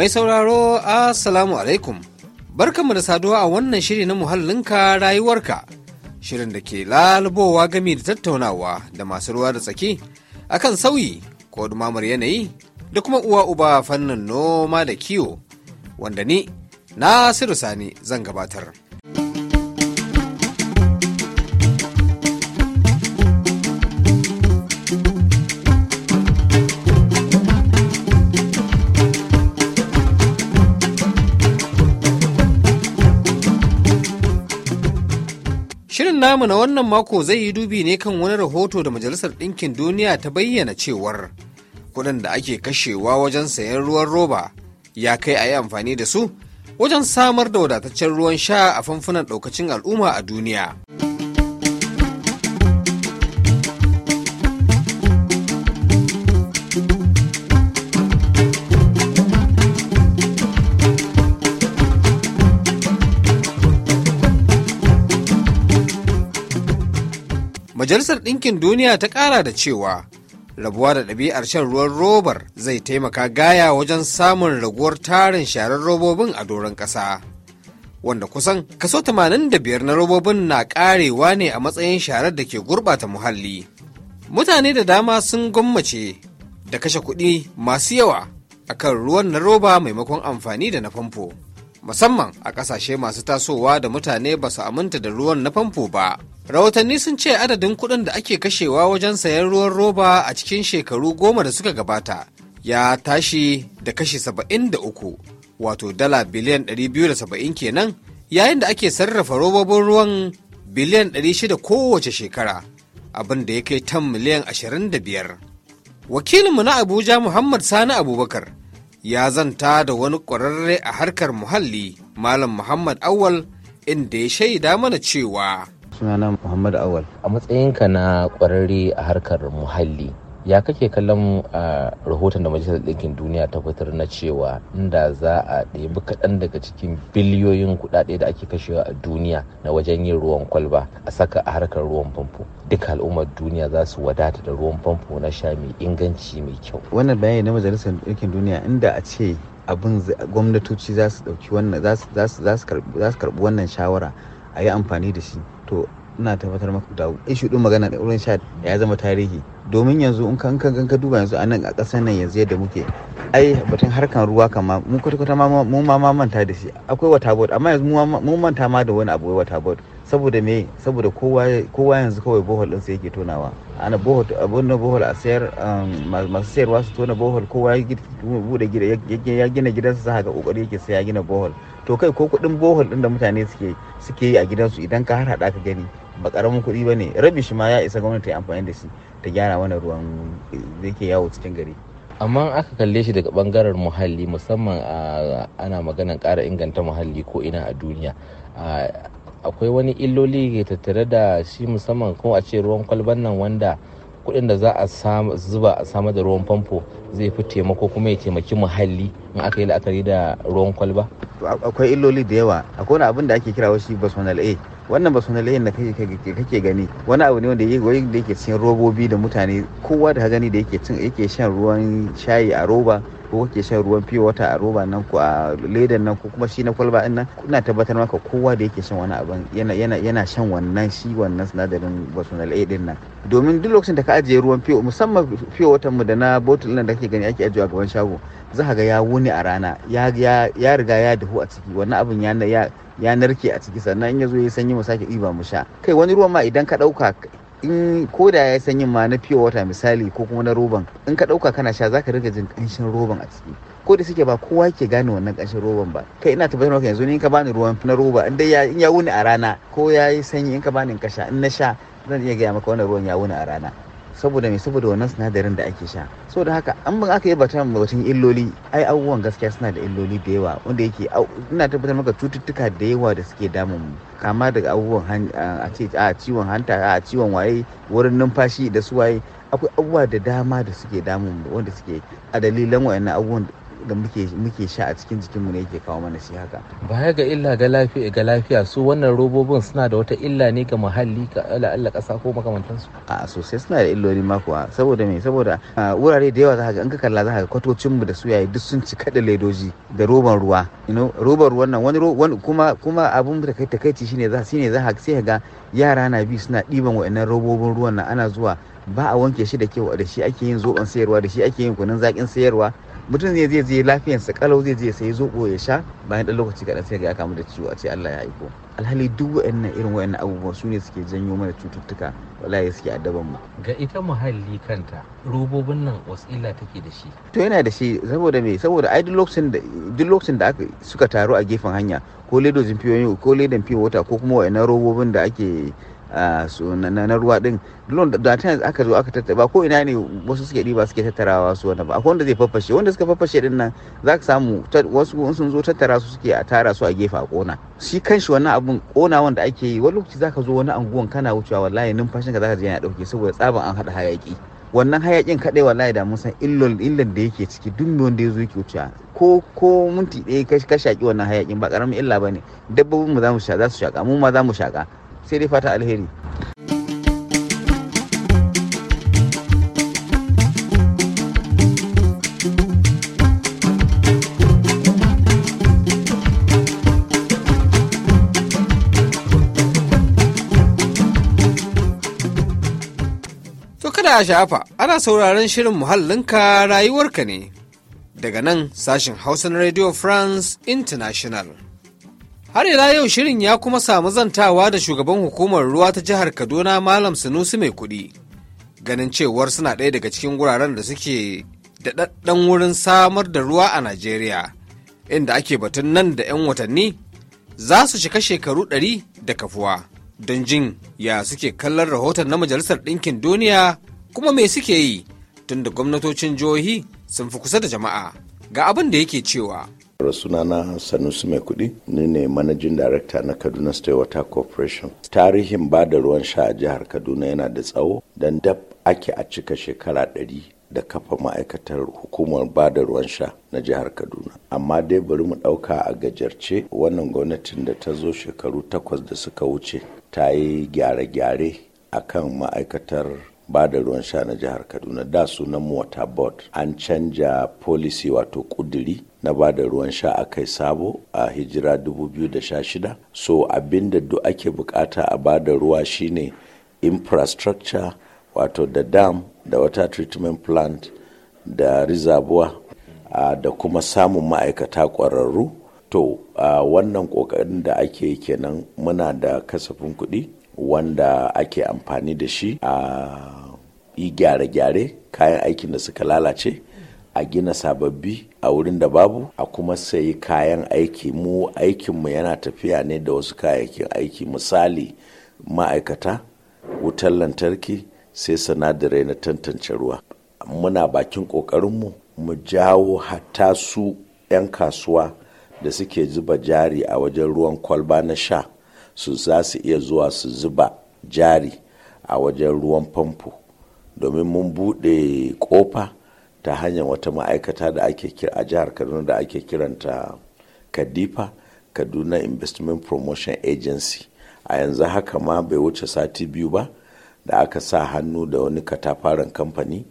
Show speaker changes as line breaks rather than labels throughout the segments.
Mai sauraro Assalamu alaikum. Barkanmu da saduwa a wannan shiri na muhallinka rayuwarka. Shirin da ke lalubowa gami da tattaunawa da masu ruwa da tsaki akan sauyi ko dumamar yanayi da kuma uwa uba fannin noma da kiwo wanda ni Nasiru Sani zan gabatar. namu na wannan mako zai yi dubi ne kan wani rahoto da Majalisar Ɗinkin Duniya ta bayyana cewar kuɗin da ake kashewa wajen sayan ruwan roba ya kai a yi amfani da su wajen samar da wadataccen ruwan sha a famfunan ɗaukacin al'umma a duniya. Majalisar Ɗinkin Duniya ta ƙara da cewa rabuwa da ɗabi'ar shan ruwan robar zai taimaka gaya wajen samun raguwar tarin sharar robobin a doron ƙasa. Wanda kusan kaso 85 na robobin na ƙarewa ne a matsayin sharar da ke gurɓata muhalli. Mutane da dama sun gwammace da kashe kuɗi masu yawa a kan ruwan na roba maimakon amfani da na famfo. Musamman a ƙasashe masu tasowa da mutane ba su aminta da ruwan na famfo ba. rahotanni sun ce adadin kuɗin da ake kashewa wajen sayan ruwan roba a cikin shekaru goma da suka gabata ya tashi da kashi 73 wato dala biliyan 270 kenan yayin da ake sarrafa robobin ruwan biliyan 600 kowace shekara abin da ya kai tan miliyan ashirin da 25 wakilinmu na abuja muhammad sani abubakar ya zanta da wani ƙwararre a harkar muhalli malam muhammad awal inda ya shaida mana cewa
sunana Muhammad Awal. A matsayinka na kwararre a harkar muhalli, ya kake kallon a rahoton da majalisar ɗinkin duniya ta fitar na cewa inda za a ɗebi kaɗan daga cikin biliyoyin kuɗaɗe da ake kashewa a duniya na wajen yin ruwan kwalba a saka a harkar ruwan famfo duk al'ummar duniya za su wadata da ruwan famfo na sha mai inganci mai kyau
wannan bayani na majalisar ɗinkin duniya inda a ce abin gwamnatoci za su ɗauki za su karɓi wannan shawara a yi amfani da shi to ina tabbatar maka da ishu din magana da wurin sha ya zama tarihi domin yanzu in kan kan ka duba yanzu anan a ƙasar nan yanzu yadda muke ai batun harkan ruwa kama mu kwata-kwata mu ma manta da shi akwai wata board amma yanzu mu manta ma da wani abu wata board saboda me saboda kowa yanzu kawai bohol din sai yake tonawa ana bohol abun bohol a sayar um, masu sayarwa su tona bohol kowa ya bude gida ya gina gidansa sa ga kokari yake sai ya gina bohol to kai ko kudin bohol din da mutane suke suke yi a gidansu idan ka har hada ka gani ba karamin kuɗi ba ne rabi shi ma ya isa gwamnati ta yi amfani da shi ta gyara wannan ruwan da yake yawo cikin gari
amma aka kalle shi daga bangaren muhalli musamman ah, ana maganan kara inganta muhalli ko ina a duniya ah, akwai wani illoli ke tattare da shi musamman ko a ce ruwan kwalban nan wanda kuɗin da za a zuba a samar da ruwan famfo zai fi taimako kuma ya taimaki muhalli in aka yi la'akari da ruwan kwalba.
akwai illoli da yawa akwai wani abin da ake kira wasu basonal a wannan basonal a da kake gani wani abu ne wanda yake cin robobi da mutane kowa da gani da yake cin yake shan ruwan shayi a roba ko kake shan ruwan fiye wata a roba nan ko a ledan nan ko kuma shi na kwalba din nan ina tabbatar maka kowa da yake shan wani abin yana shan wannan shi wannan sinadarin bosonal A din nan domin duk lokacin da ka ajiye ruwan fiye musamman fiye watan mu da na botul nan da kake gani ake ajiyewa gaban shago za ga ya wuni a rana ya riga ya dahu a ciki wannan abin ya ya narke a ciki sannan in ya zo ya sanyi mu sake ɗiba mu sha kai wani ruwan ma idan ka ɗauka in ko da ya sanyin ma na pure wata misali ko kuma na roban in ka ɗauka kana sha zaka riga jin kanshin roban a ciki ko da suke ba kowa ke gane wannan kanshin roban ba kai ina tabbatar maka yanzu ni in ka bani ruwan na roba in dai in ya wuni a rana ko ya yi sanyi in ka bani in ka sha in na sha zan iya gaya maka wannan ruwan ya wuni a rana saboda mai saboda wannan sinadarin da ake sha da haka an ban aka yi batun batun illoli ai abubuwan gaskiya suna da illoli da yawa wanda yake ina tabbatar maka cututtuka da yawa da suke damun mu kama daga abubuwan a ciwon hanta a ciwon waye wurin numfashi da su waye akwai abubuwa da dama da suke damun wanda suke a dalilan wayannan abubuwan da muke sha a cikin jikinmu ne yake kawo mana shi haka
baya ga illa ga lafiya ga lafiya su wannan robobin suna da wata illa ne ga muhalli ga Allah kasa ko makamantansu
a sosai suna da illoli ma kuwa saboda me saboda wurare da yawa zaka ga in ka kalla zaka ga kwatocinmu da yayi duk sun cika da ledoji da roban ruwa you know roban ruwan nan wani kuma kuma abun da kai takaici shine za shine za ka sai ga yara na bi suna ɗiban wa'annan robobin ruwan nan ana zuwa ba a wanke shi da kyau da shi ake yin zoben sayarwa da shi ake yin kunun zakin sayarwa mutum zai je je sa kalau zai je sai zobo ya sha bayan dan lokaci kaɗan sai ga ya kamu da ciwo a ce Allah ya aiko alhali duk waɗannan irin waɗannan abubuwan su ne suke janyo mana cututtuka wallahi suke addaban mu
ga ita muhalli kanta robobin nan wasila take da shi
to yana da shi saboda me saboda ai duk lokacin da duk da aka suka taru a gefen hanya ko ledojin fiyoyi ko ledan fiyo wata ko kuma waɗannan robobin da ake na ruwa din don da ta yanzu aka zo aka tattara ko ina ne wasu suke diba suke tattarawa su wanda ba akwai wanda zai faffashe wanda suka faffashe din nan za ka samu wasu sun zo tattara su suke a tara su a gefe a kona shi kanshi wannan abun kona wanda ake yi wani lokaci zaka zo wani anguwan kana wucewa wallahi numfashin ka zaka je yana dauke saboda tsaban an haɗa hayaki wannan hayakin kadai wallahi da mun san illan da yake ciki duk wanda ya zo yake wucewa ko ko minti ɗaya ka shaƙi wannan hayakin ba karamin illa ba ne dabbobin mu za mu sha za su shaƙa mu ma za mu shaƙa sai dai fata alheri
kada a sha'afa ana sauraron shirin muhallinka rayuwarka ne daga nan sashen hausa na radio france international Har ila yau shirin ya kuma samu zantawa da shugaban hukumar ruwa ta jihar Kaduna Malam Sunusi mai kuɗi. Ganin cewar suna ɗaya daga cikin wuraren da suke daɗaɗɗan wurin samar da ruwa a Najeriya, inda ake batun nan da 'yan watanni za su cika shekaru ɗari da kafuwa. Don jin ya suke kallon rahoton na Majalisar Ɗinkin Duniya kuma me suke yi tunda gwamnatocin jihohi sun fi kusa da jama'a ga abin da yake cewa.
sunana sanusi mai kudi ni ne managing director na kaduna state water corporation tarihin ba da ruwan sha a jihar kaduna yana da tsawo don dab ake a cika shekara ɗari da kafa ma'aikatar hukumar ba da ruwan sha na jihar kaduna amma dai bari mu ɗauka a gajarce wannan gwamnatin da ta zo shekaru takwas da suka wuce ta yi gyare-gyare akan ma'aikatar ba da ruwan sha na jihar kaduna da sunan water board an canja policy wato kuduri na ba da ruwan sha a kai sabo a hijira 2016 so abinda duk ake bukata a ba da ruwa shine infrastructure wato da dam da water treatment plant da rizabuwa da kuma samun ma'aikata ƙwararru to wannan ƙoƙarin da ake kenan muna da kasafin kuɗi wanda ake amfani da shi a yi gyare-gyare kayan aikin da suka lalace a gina sababbi a wurin da babu a kuma sayi kayan aiki mu aikinmu yana tafiya ne da wasu kayayyakin aiki misali ma'aikata wutar lantarki sai sinadarai na tantance ruwa muna bakin ƙoƙarinmu mu jawo hatta su 'yan kasuwa da suke zuba jari a wajen ruwan kwalba na sha su za su iya zuwa su zuba jari a wajen ruwan famfo domin mun bude kofa ta hanyar wata ma'aikata da ake kira a jihar kaduna da ake kiranta kadifa kaduna investment promotion agency a yanzu haka ma bai wuce sati biyu ba da aka sa hannu da wani katafaren kamfani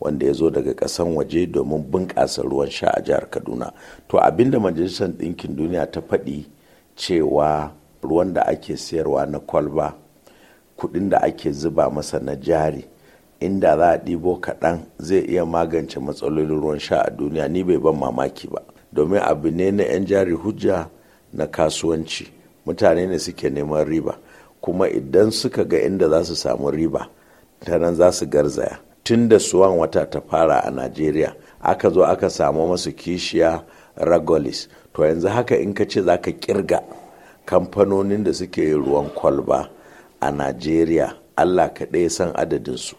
wanda ya zo daga kasan waje domin bunƙasa ruwan sha a jihar kaduna to abinda majalisar ɗinkin duniya ta faɗi cewa ruwan da ake sayarwa na kwalba kuɗin da ake zuba masa na jari inda za a ɗibo kaɗan zai iya magance matsalolin ruwan sha a duniya ni bai ban mamaki ba domin abu ne na 'yan jari hujja na kasuwanci mutane ne suke neman riba kuma idan suka ga inda za su samu riba ta nan za su garzaya tun da suwan wata ta fara a najeriya aka zo aka samu masu kishiya ragolis to yanzu haka in ka ce za ka kirga kamfanonin da suke ruwan kwalba a najeriya allah kaɗai san adadinsu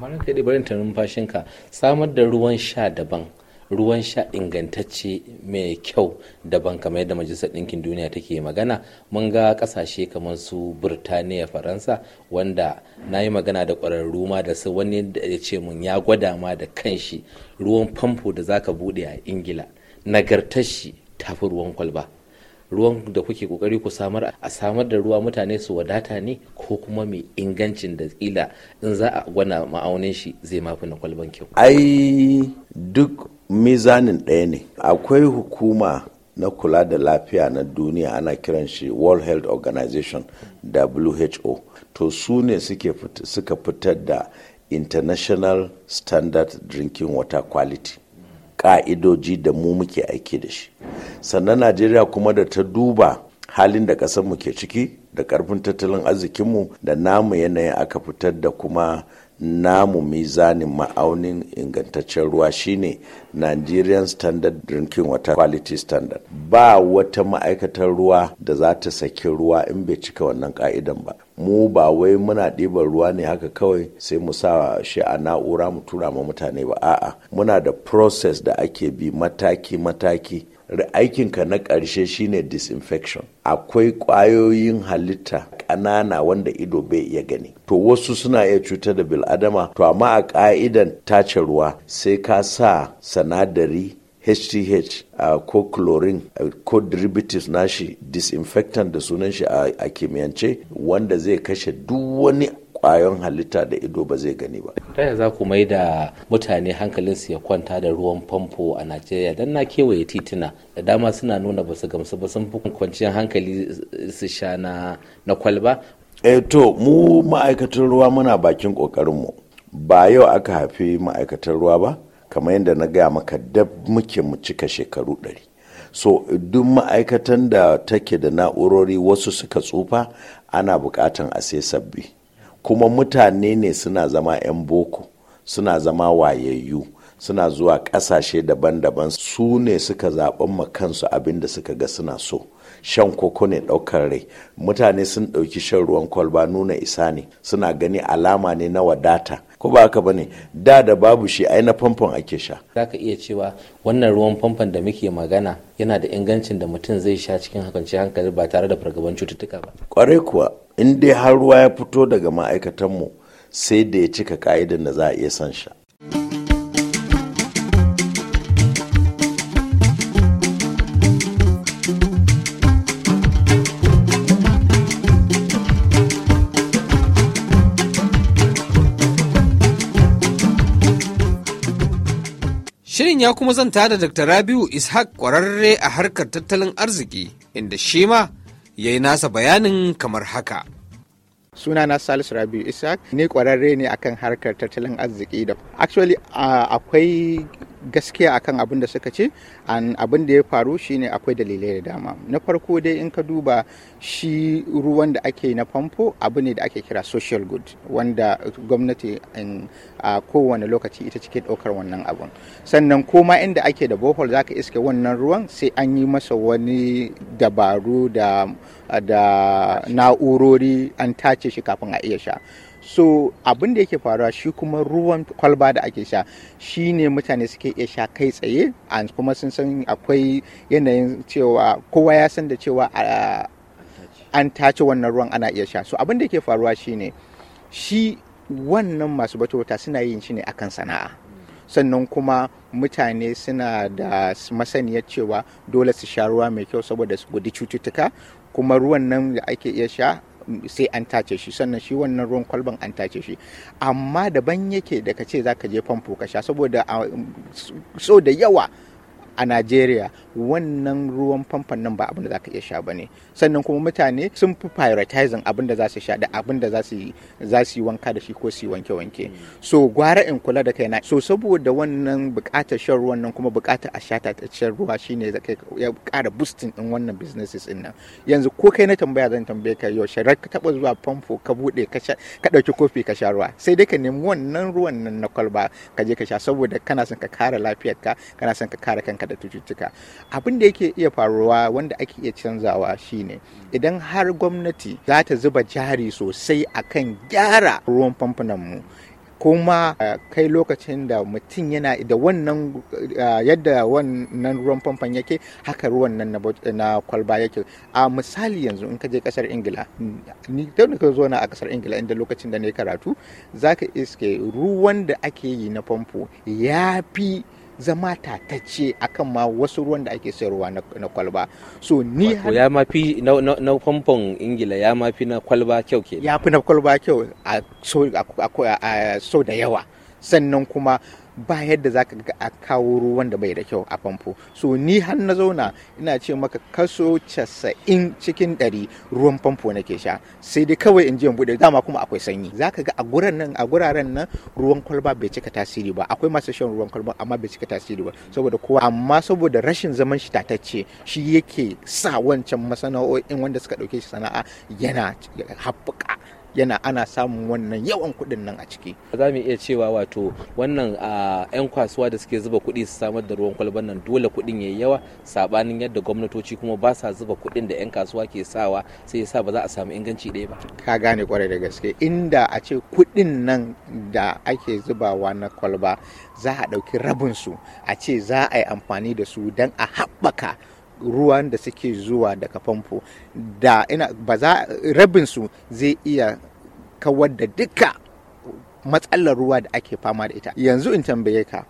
kamar ranka da barin samar da ruwan sha daban ruwan sha ingantacce mai kyau daban kamar yadda majalisar ɗinkin duniya take magana mun ga ƙasashe kamar su birtaniya faransa wanda na yi magana da ƙwararru ma da su wani da ya ce mun ya gwada ma da kanshi ruwan famfo da zaka buɗe a ingila shi tafi ruwan kwalba ruwan da kuke kokari ku samar a samar da ruwa mutane su wadata ne ko kuma mai ingancin da kila in za a gwana ma'aunin shi zai mafi na kwalban kyau
ai duk mizanin ɗaya ne akwai hukuma na kula da lafiya na duniya ana kiran shi world health organization who to su ne suka fitar da international standard drinking water quality ka'idoji da mu muke aiki da shi sannan najeriya kuma da ta duba halin da mu ke ciki da karfin tattalin arzikinmu da namu yanayin aka fitar da kuma namu mizanin ma'aunin ingantaccen ruwa shine nigerian standard drinking water quality standard ba wata ma'aikatar ruwa da za ta saki ruwa in bai cika wannan ka'idan ba mu ba wai muna ɗiban ruwa ne haka kawai sai mu sa shi a na'ura mu tura ma mutane ba a'a muna da process da ake bi mataki mataki aikinka na ƙarshe shine disinfection akwai ƙwayoyin halitta ƙanana wanda ido bai iya gani to wasu suna iya cutar da bil'adama to amma a ƙa'idan tace ruwa sai ka sa sanadari HTH uh, ko chlorine uh, ko derivatives nashi disinfectant da sunan shi a, a kimiyance wanda zai kashe duk wani kwayon halitta da ido ba zai gani ba.
Ta yaya za ku mai da mutane hankalinsu ya kwanta da ruwan famfo a Najeriya don na kewaye tituna da dama suna nuna basu su gamsu ba sun fi kwanciyar hankali
su sha na kwalba. E to mu ma'aikatan ruwa muna bakin ƙoƙarinmu ba yau aka haifi ma'aikatan ruwa ba kamar yadda na gaya maka dab muke mu cika shekaru ɗari. so duk ma'aikatan da take da na'urori wasu suka tsufa ana bukatan a sai sabbi kuma mutane ne suna zama 'yan boko suna zama wayayyu suna zuwa ƙasashe daban-daban su ne suka zaɓen ma kansu abin da suka ga suna so shan koko ne ɗaukar rai mutane sun ɗauki shan ruwan kwalba nuna isa ne suna gani alama ne na wadata ko ba haka bane da da babu shi ai na famfon ake sha za ka iya cewa
wannan ruwan famfon da muke magana yana da ingancin da mutum zai sha cikin hakanci hankali ba tare da
fargaban cututtuka ba kwarai kuwa in dai har ruwa ya fito daga ma'aikatanmu sai da ya cika ka'idar da za a iya san shi.
Shirin ya kuma zanta da Dr. Rabiu Ishaq kwararre a harkar tattalin arziki, inda shi ma ya yi nasa bayanin kamar haka. sunana salisu rabi isaac ne kwararre
ne akan harkar tattalin arziki da actually akwai gaskiya akan abin da suka ce an abin da ya faru shine akwai dalilai da dama na farko dai in ka duba shi ruwan da ake na famfo abu ne da ake kira social good wanda gwamnati a kowane lokaci ita cike ɗaukar wannan abun sannan koma inda ake da bohol zaka iske wannan ruwan sai an yi masa wani dabaru da na'urori an tace shi kafin a iya sha so abin yake faruwa shi kuma ruwan kwalba da ake sha shi ne mutane suke iya sha kai tsaye kuma sun san akwai yanayin cewa kowa ya san da cewa an tace wannan ruwan ana iya sha so abin yake faruwa shi ne shi wannan masu wata suna yin shi ne akan sana'a sannan kuma mutane suna da masaniyar cewa dole su sha ruwa mai kyau saboda su gudi cututtuka kuma ruwan nan da ake iya sha sai an tace shi sannan shi wannan ruwan kwalban an tace shi amma daban yake da ka ce za ka je famfo ka sha saboda ah, so da yawa a Najeriya wannan ruwan famfon nan ba abin da za ka iya sha ba ne sannan kuma mutane sun fi prioritizing abin da za su sha da abin da za su yi wanka da shi ko su yi wanke-wanke hmm. so gwara in kula da kai na. so saboda wannan bukatar shan ruwan nan kuma bukatar a sha shan ruwa shine ya kara boosting in wannan businesses din nan yanzu ko kai na tambaya zan tambaye ka yau sharar ka taba zuwa famfo ka bude ka sha dauki kofi ka sha ruwa sai dai ka nemi wannan ruwan nan na kwalba ka je ka sha saboda kana son ka kare lafiyarka kana son ka kara kanka kanka da cututtuka abin da yake iya faruwa wanda ake iya canzawa shine idan har gwamnati za ta zuba jari sosai a kan gyara ruwan famfunanmu mu kuma kai lokacin da mutum yana da wannan yadda wannan ruwan famfon yake haka ruwan nan na kwalba yake a misali yanzu in ka je kasar ingila ni da ka zo na a kasar ingila inda lokacin da ne karatu zaka iske ruwan da ake yi na famfo ya fi zama ta tatacce akan ma wasu ruwan da ake sayarwa na kwalba so ni ya mafi na ingila ya fi na kwalba kyau ke ya fi na kwalba kyau a so da yawa sannan kuma ba yadda za ka ga a kawo ruwan da bai da kyau a famfo so ni har na zauna ina ce maka kaso casa'in cikin ɗari ruwan famfo nake sha sai dai kawai in je in buɗe dama kuma akwai sanyi za ka ga a guraren nan ruwan kwalba bai cika tasiri ba akwai masu shan ruwan kwalba amma bai cika tasiri ba saboda kowa amma saboda rashin zaman shi tatacce shi yake sa wancan masana'o'in wanda suka ɗauke shi sana'a yana haɓɓuka yana ana samun wannan yawan kuɗin nan a ciki
za mu iya cewa wato wannan yan kasuwa da suke zuba kuɗi su samar da ruwan kwalban nan dole kuɗin yi yawa sabanin yadda gwamnatoci kuma ba sa zuba kuɗin da yan kasuwa ke sawa sai
yasa ba za a samu inganci ɗaya ba ka gane kwarai da gaske inda a ce kuɗin nan da ake zubawa na kwalba za a ɗauki rabin su a ce za a yi amfani da su don a haɓaka ruwan da suke zuwa daga famfo da ina ba za rabin su zai iya kawar da duka matsalar ruwa da ake fama da ita yanzu in tambaye ka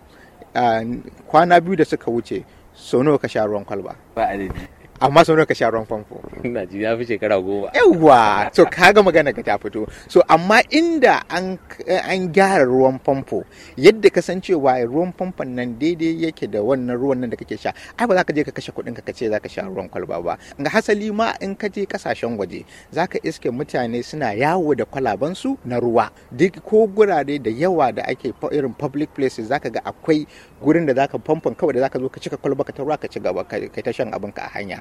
ah, kwana biyu da suka wuce sau nawa ka sha ruwan kwalba ba amma sau ka sha ruwan famfo
na ji ya fi shekara goma
yawa so kaga magana ka ta fito so amma inda an gyara ruwan famfo yadda ka san cewa ruwan famfon nan daidai yake da wannan ruwan nan da kake sha ai ba za ka je ka kashe kuɗin ka kace za ka sha ruwan kwalba ba ga hasali ma in ka je kasashen waje za ka iske mutane suna yawo da kwalabansu na ruwa duk ko gurare da yawa da ake irin public places za ka ga akwai gurin da zaka famfon kawai da zaka zo ka cika kwalba ka tarwa ka ci gaba ka ta shan abin ka a hanya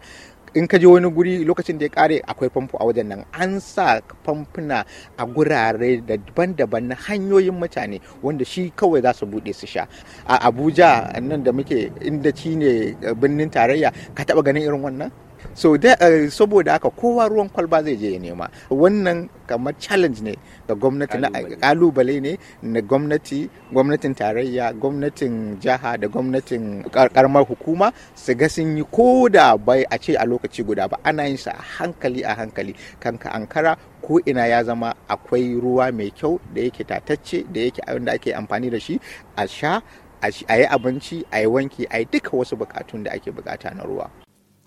in ka je wani guri lokacin da ya kare akwai famfo a wajen nan an sa famfuna a gurare daban-daban na hanyoyin mutane wanda shi kawai za su bude su sha a abuja nan da muke inda ci ne eh, birnin tarayya ka taba ganin irin wannan so da eh, saboda haka kowa ruwan kwalba zai je ya nema wannan kamar challenge ne ga gwamnati na kalubale ne na gwamnati gwamnatin tarayya gwamnatin jaha da gwamnatin karamar hukuma su ga sun yi ko da bai a ce a lokaci guda ba ana yin sa a hankali a hankali kanka ankara ko ina ya zama akwai ruwa mai kyau da yake tatacce da yake da ake amfani da shi a sha a yi abinci a yi wanki a yi duka
wasu bukatun da ake bukata na ruwa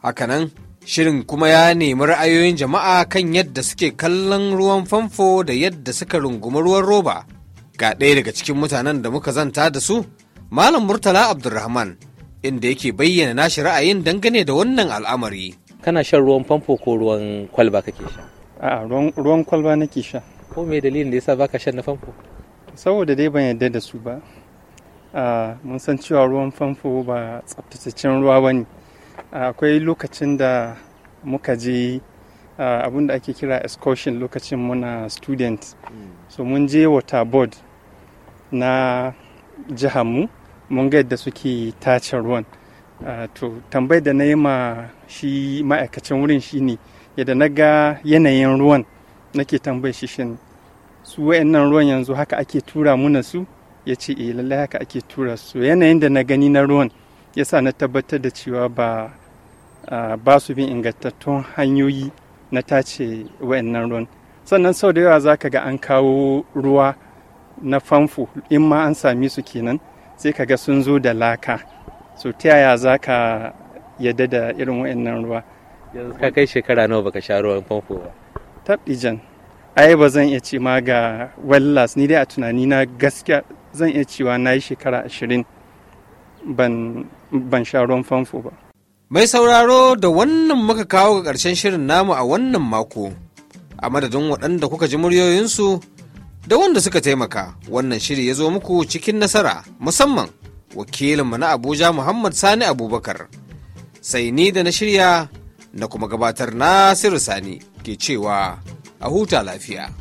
Hakanan, shirin kuma ya nemi ra'ayoyin jama'a kan yadda suke kallon ruwan famfo da yadda suka rungumi ruwan roba. Ga ɗaya daga cikin mutanen da muka zanta da su, Malam Murtala Abdulrahman, inda yake bayyana nashi ra'ayin dangane da wannan al'amari. Kana shan ruwan famfo ko
ruwan kwalba kake sha?
A'a, ruwan kwalba nake sha. Ko me dalilin da yasa baka shan na famfo? Saboda dai ban yarda da su ba. mun san cewa ruwan famfo ba tsaftataccen ruwa ba ne akwai lokacin da muka je abin da ake kira excursion lokacin muna student so mun je waterboard na mu mun ga yadda suke tace ruwan to tambayi da na yi ma shi ma'aikacin wurin shi ne yadda na ga yanayin ruwan nake tambayi shi shin su wayannan ruwan yanzu haka ake tura muna su ya ce eh, lallai haka ake tura su yanayin da na gani na ruwan ya sa na tabbatar da cewa ba ba su bin ingantattun hanyoyi na tace wa'annan ruwan sannan sau da yawa za ka ga an kawo ruwa na famfo in ma an sami su kenan sai ka ga sun zo da laka so ta yaya za ka yadda da irin wa'annan ruwa
ka kai shekara nawa baka sha ruwan
famfo ba tabijan ai ba zan iya ce ma ga wallas ni dai a tunani na gaskiya zan iya cewa na yi shekara ashirin ban ban sha ruwan famfo ba. Mai sauraro da wannan muka kawo ga ƙarshen shirin namu a wannan
mako. A madadin waɗanda kuka ji muryoyinsu da wanda suka taimaka wannan shiri ya zo muku cikin nasara musamman wakilinmu na Abuja Muhammad Sani Abubakar. Sai ni da na shirya na kuma gabatar Nasiru Sani ke cewa a huta lafiya.